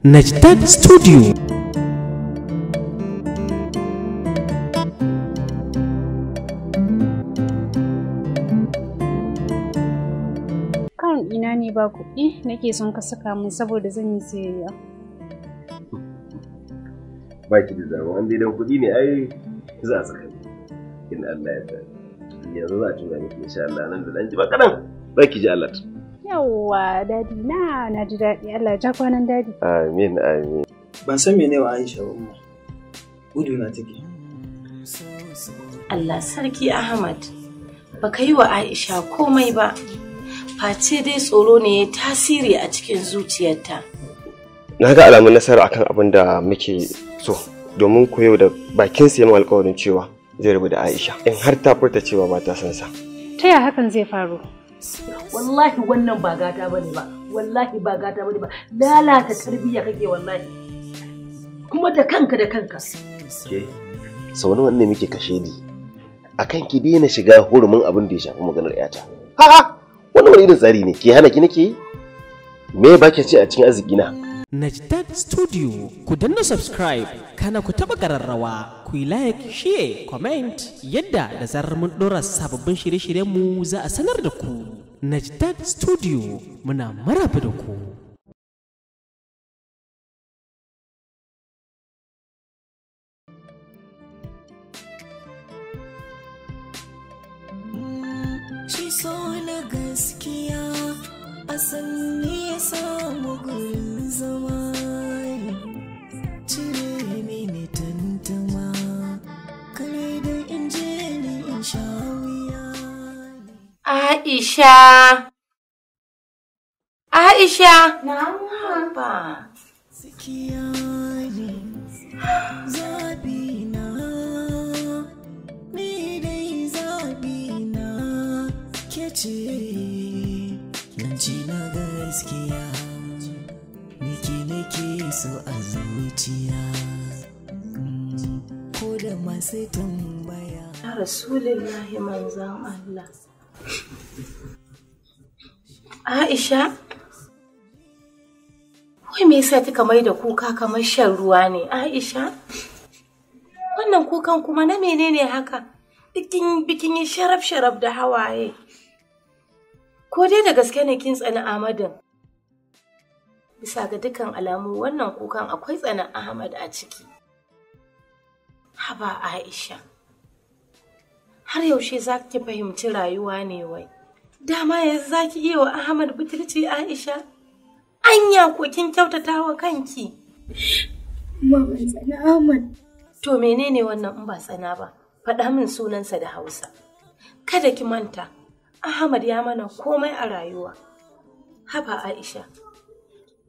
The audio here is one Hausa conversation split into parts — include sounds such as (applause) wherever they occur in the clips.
Najdad Studio. Kawun ina ne ba kuɗi nake son ka saka min saboda zan yi siyayya. Ba ki da zama, an daidan kuɗi ne ai za a saka in Allah ya yarda. Yanzu za a tura miki insha Allah nan da nan ji ba kaɗan ba ki ji Allah. Yawwa dadi na na ji daɗi Allah ja kwanan dadi. Amin amin. Ban san mene wa Aisha ba umma. Gudu na take. Allah sarki Ahmad. Baka yi wa Aisha komai ba. Face dai tsoro ne ya tasiri a cikin zuciyarta. Na ga alamun nasara akan abin da muke so domin koyo da bakin sa yamin alkawarin cewa zai rabu da Aisha in har ta furta cewa ba ta san sa. Ta ya hakan zai faru? wallahi wannan ba gata bane ba wallahi ba gata bane ba lalata tarbiyya kake wallahi kuma da kanka da kanka ke sau nawa ne muke kashe ni akan ki daina shiga hurumin abin da ya shafi maganar yata ha ha wannan wani irin tsari ne ke hana ki nake yi me ba ke ce a cikin arziki na Najdad Studio ku danna subscribe kana ku taba kararrawa ku yi like, share, comment yadda da zarar mun ɗora sababbin shirye-shiryenmu za a sanar da ku. Najdad Studio muna maraba da ku. Shi na gaskiya a Aisha. Aisha. Na'am ba. ce yanci na gaskiya nake nake so a zuciya mm, ko da masu tambaya ya rasulullahi manzan Allah Aisha? Wai me yasa kika mai da kuka kamar shan ruwa ne, Aisha? Wannan kukan kuma na menene haka? Bikin bikin yi sharaf-sharaf da hawaye. Ko dai da gaske ne kin tsani Ahmadin? Bisa ga dukkan alamu wannan kukan akwai tsanin Ahmad a ciki. Haba Aisha. har yaushe za ki fahimci rayuwa ne wai. Dama yanzu za ki iya wa Ahmad butulci Aisha? Anya ko kin kyautata wa kanki? tsana Ahmad. To menene wannan in ba tsana ba? Faɗa min sunansa da Hausa. Kada ki manta, Ahmad ya mana komai a rayuwa. Haba Aisha,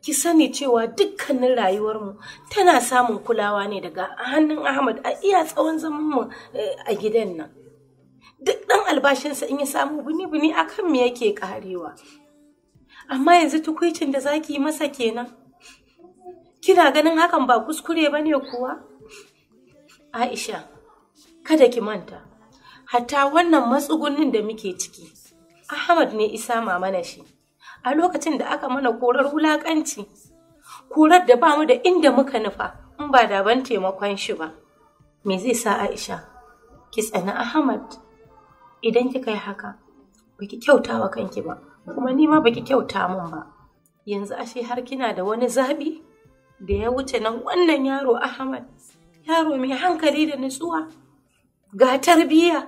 ki sani cewa dukkanin rayuwarmu tana samun kulawa ne daga hannun Ahmad a iya tsawon zamanmu eh, a gidan nan. duk ɗan albashinsa in ya samu bini-bini akan kan me yake karewa amma yanzu tukwicin da zaki ki yi masa kenan kina ganin hakan ba kuskure ba ne kuwa aisha kada ki manta hatta wannan matsugunnin da muke ciki ahmad ne isa mana shi a lokacin da aka mana korar wulakanci korar da ba mu da inda muka nufa in ba da ban taimakon shi ba me zai sa aisha ki tsani ahmad idan kika yi haka baki kyauta wa kanki ba kuma ni ma baki kyauta min ba yanzu ashe har kina da wani zabi da ya wuce nan wannan yaro Ahmad yaro mai hankali da nutsuwa ga tarbiyya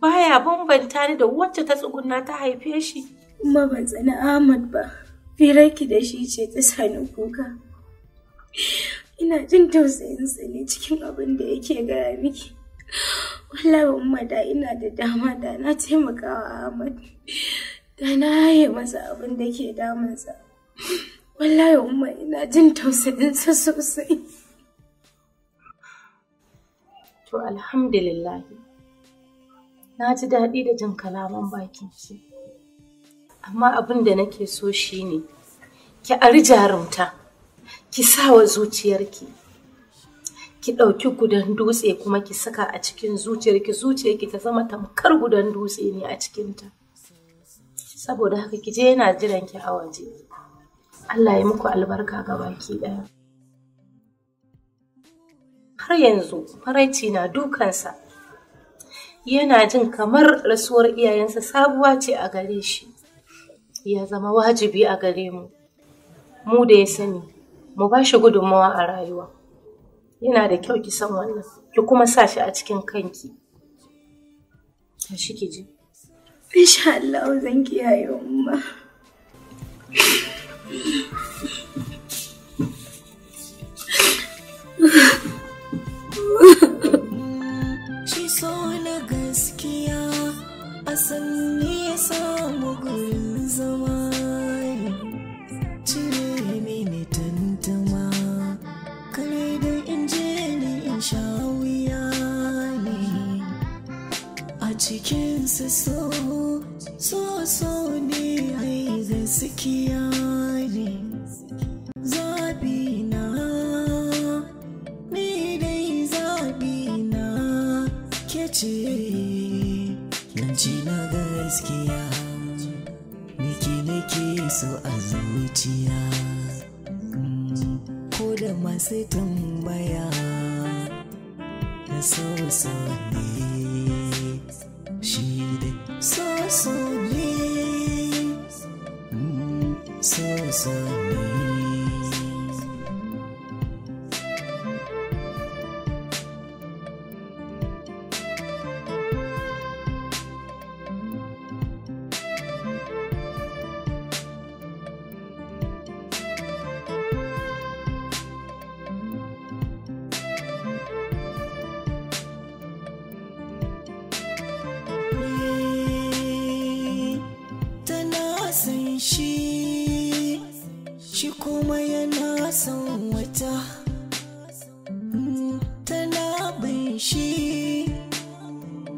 baya bambanta ni da wacce ta tsuguna ta haife shi kuma ban tsani Ahmad ba firarki da shi ce ta sani kuka ina jin tausayinsa ne cikin abin da yake gaya miki wallahi umma da ina da dama da na taimakawa Ahmad da na yi masa abin da ke damunsa wallahi umma ina jin tausayinsa sosai to alhamdulillah na ji daɗi da jin kalaman bakin shi amma abin da nake so shine ki ari jarumta ki sa wa zuciyarki ki ɗauki gudan dutse kuma ki saka a cikin zuciyar? Ki zuciyarki ki ta zama tamkar gudan dutse ne a cikinta saboda haka ki je yana jiran ki a waje Allah ya muku albarka ga baki ɗaya har yanzu faraici na dukansa yana jin kamar rasuwar iyayensa sabuwa ce a gare shi ya zama wajibi a gare mu mu da ya sani mu ba shi gudunmawa a rayuwa yana da kyau ki san wannan ki kuma sa shi a cikin kanki shi ki ji insha Allah zan kiyaye umma su so so so ne ai gaskiya ne zabi na ni dai zabi na ke ce na gaskiya niki nake so a zuciya ko da masu tambaya na so so ne so deep, mm, kuma yana son wata mm, tana bin shi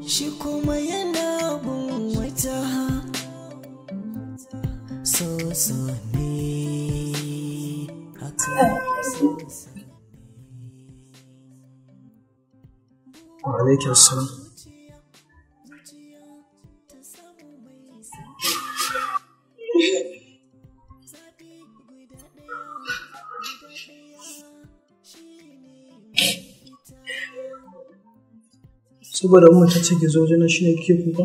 shi kuma yana bin wata so so ne haka saboda mu ta ce gizo jina shi ne ke kuka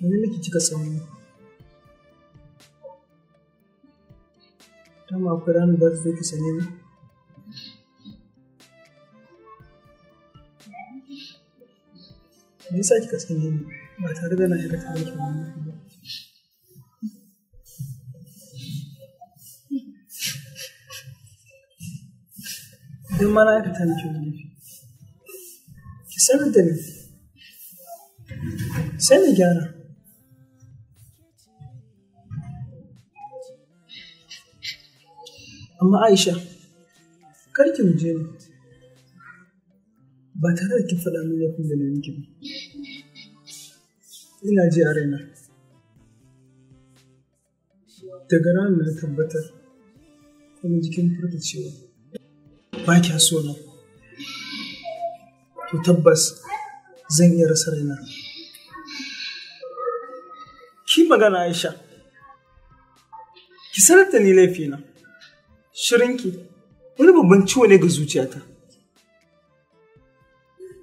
wani nake cika tsanani ta mafi ranar da zai ki sani me yasa kika sani ne ba tare da na aikata miki wani ba idan mala'ikatan ke nufi ki sanar da ni sai na gyara amma aisha kar ki muje ne. ba tare da ki faɗa min laifin da na ba ina ji a raina daga ranar na tabbatar kuma jikin furta cewa ba kya so na to tabbas zan iya rasa raina ki magana aisha ki sanar da ni laifina shirinki wani babban ciwo ne ga zuciyata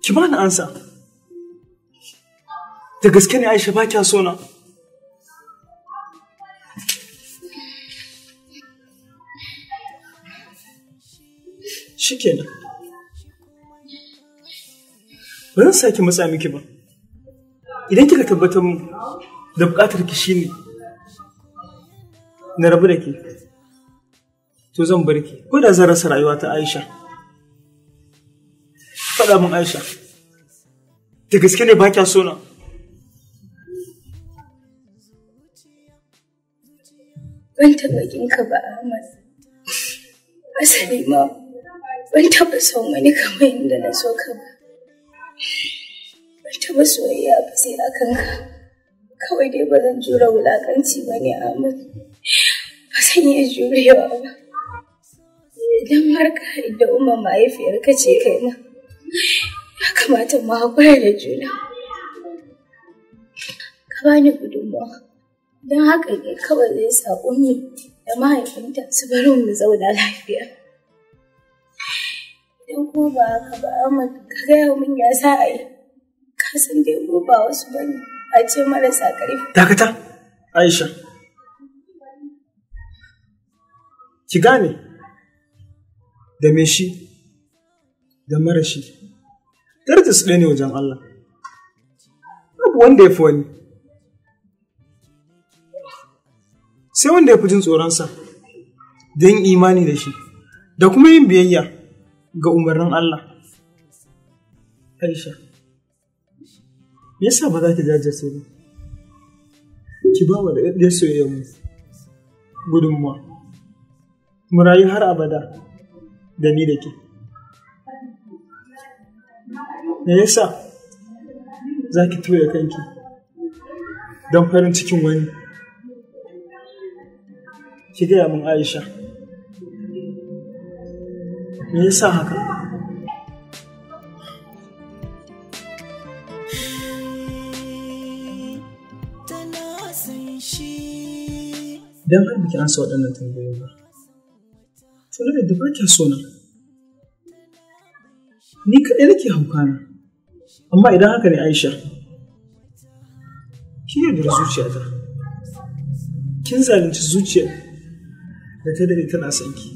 ki bani ansa da gaske ne aisha ba kya so na shikenan ba zan sake matsa miki ba idan kika tabbatar mu da buƙatar ki shine na rabu da ke to zan bar ki ko da zan rasa rayuwa ta Aisha faɗa min Aisha da gaske ne ba kya so na ban taɓa ka ba Ahmad asali ma ban taɓa son wani kamar yadda na so ka ba ban taɓa soyayya ba sai a kanka kawai dai ba zan jura wulakanci ba ne Ahmad ba zan iya jurewa ba idan har ka da umar mahaifiyarka ce kai ma ya kamata mu haƙura da juna ka ba ni gudunmuwa. don haka ne kawai zai saƙo ni da mahaifinta su bari mu zauna lafiya kuma ba haka ba amma ka gaya min ya sa a yi ka san dai mu ba wasu bane a ce marasa ƙarfi. Dakata Aisha ki gane da me shi da mara shi darajar su ɗaya ne wajen Allah babu wanda ya fi wani sai wanda ya fi jin tsoronsa don imani da shi da kuma yin biyayya ga umarnin Allah. Aisha, me yasa ba za ki jajirce ba? Ki ba wa da ɗaɗɗiyar soyayyar mu gudunmuwa. Mu rayu har abada da ni da ke. Me yasa za ki tura kanki don farin cikin wani? Ki gaya min Aisha. me yasa haka idan har biki ansa waɗannan tambayoyi ba to na da ba kya so na ni kaɗai nake na. amma idan haka ne aisha kin zuciya ta? kin zalunci zuciya da ta daɗe tana son ki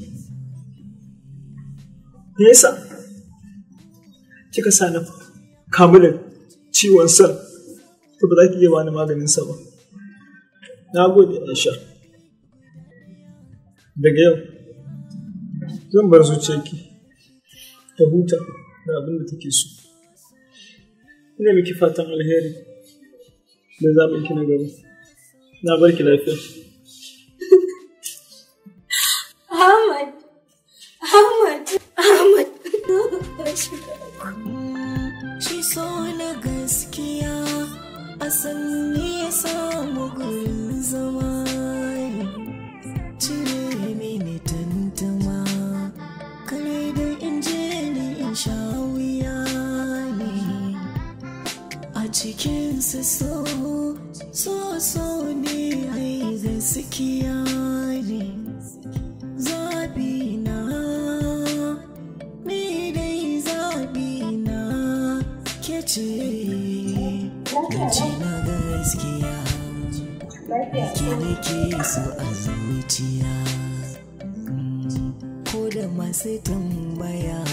me yasa kika sa na kamu da ciwon san to ba za ki iya bani maganin sa ba na gode aisha daga yau zan bar zuciya ki ta huta da abin da take so ina miki fatan alheri da zaɓin ki na gaba na bar ki lafiya (laughs) Ahmad mugun zama cire mini tantama kare da in je ni in sha wuya ne a cikin su so Yake nake so a zuciya mm, Ko da masu tambaya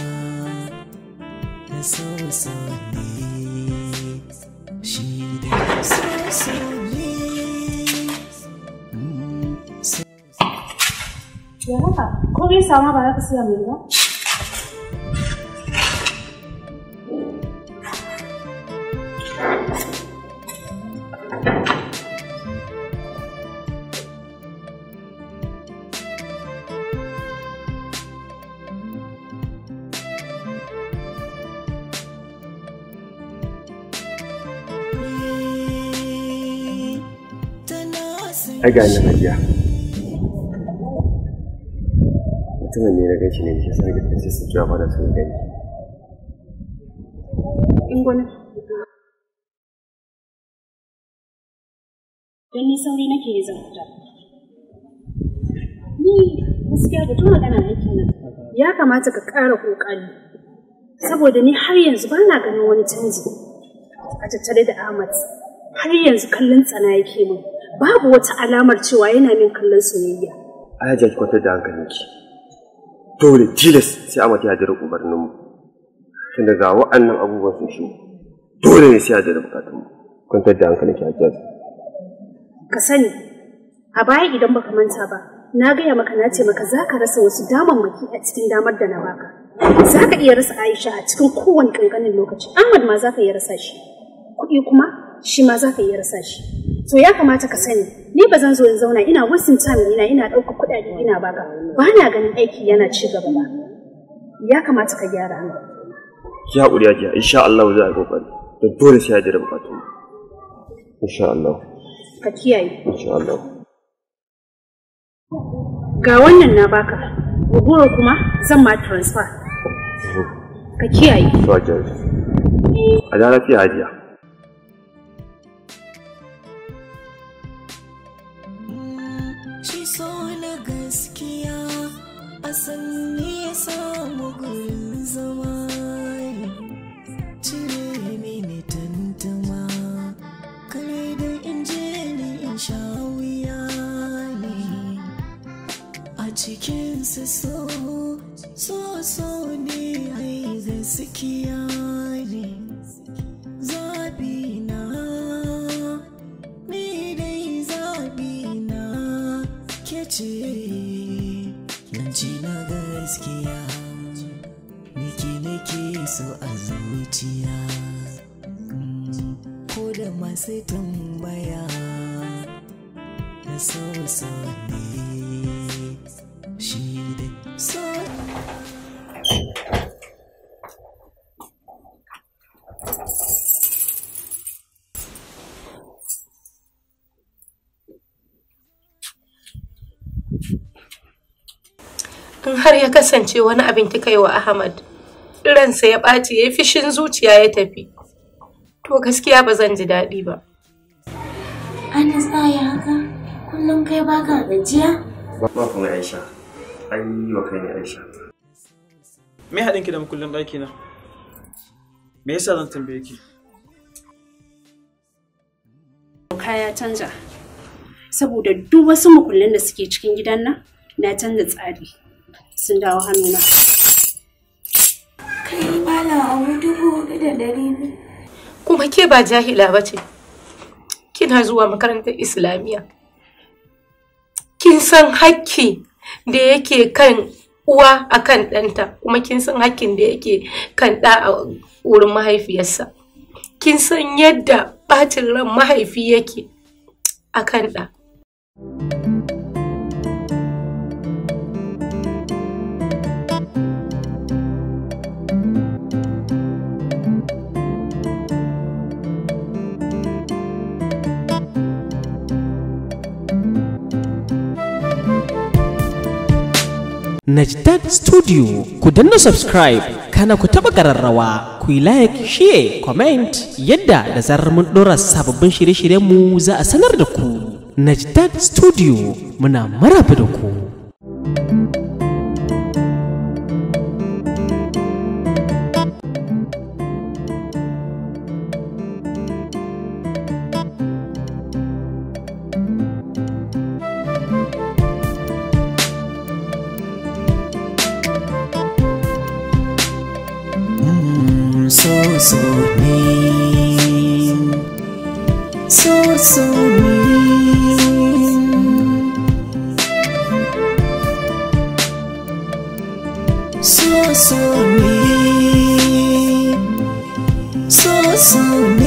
so so ne Shi da so so ne ko ma ba za ka siya mai ba? ai ga ni hajiya mutumin ne na gashi ne shi sai ga shi su kiwa mana sun gani in gona ni sauri nake yi zan fita ni gaskiya da tun magana aikin nan ya kamata ka ƙara ƙoƙari saboda ni har yanzu ba na ganin wani canji a tattare da Ahmad har yanzu kallon tsana yake min babu wata alamar cewa yana min kallon soyayya. Aya ki kwantar da hankalinki. Dole tilas sai Ahmad ya jira umarninmu. Tun ga wa'annan abubuwan sun shi Dole ne sai a jira bukatunmu. Kwantar da hankalinki Hajiya. Ka sani, a baya idan baka manta ba, na gaya maka na ce maka za ka rasa wasu damammaki a cikin damar da na baka. Za ka iya rasa Aisha a cikin kowane ƙanƙanin lokaci, Ahmad ma za ka iya rasa shi. Kuɗi kuma shi ma za ka iya rasa shi to ya kamata ka sani ni ba zan zo in zauna ina wasin time ina ina ɗauka kuɗaɗe ina baka ba na ganin aiki yana ci gaba ba ya kamata ka gyara hannu ki haƙuri ajiya insha Allah za a yi ƙoƙari da dole sai ya jira buƙatu insha Allah ka kiyaye insha Allah ga wannan na baka gogoro kuma zan ma transfer ka kiyaye Ka kiyaye. a da lafiya ajiya san nisa mugun zama masu tambaya da so ne shi da so in har ya kasance wani abin kika yi wa Ahmad, ransa ya ɓaci ya yi fishin zuciya ya tafi. to gaskiya ba zan ji daɗi ba. Ana tsaya haka kullum kai baka gajiya? Ba ba kuma Aisha, an yi wa kai ne Aisha. Me haɗin ki da makullin ɗaki na? Me yasa zan tambaye ki? ya canja. Saboda duk wasu makullin da suke cikin gidan nan na canza tsari sun dawo hannuna. Kai bala a dubu da dari biyu. kuma ke ba jahila ba ce kina zuwa makarantar islamiyya kin san hakki da yake kan uwa a kan ɗanta kuma kin san hakkin da yake kan ɗa a wurin mahaifiyarsa kin san yadda ɓacin ran mahaifi yake a kan ɗa. Najdad Studio ku danna subscribe kana ku taɓa gararrawa ku yi like, share, comment yadda da zarar mun ɗora sababbin shirye-shiryenmu za a sanar da ku. Najdad Studio muna maraba da ku. Sou só me Sou só me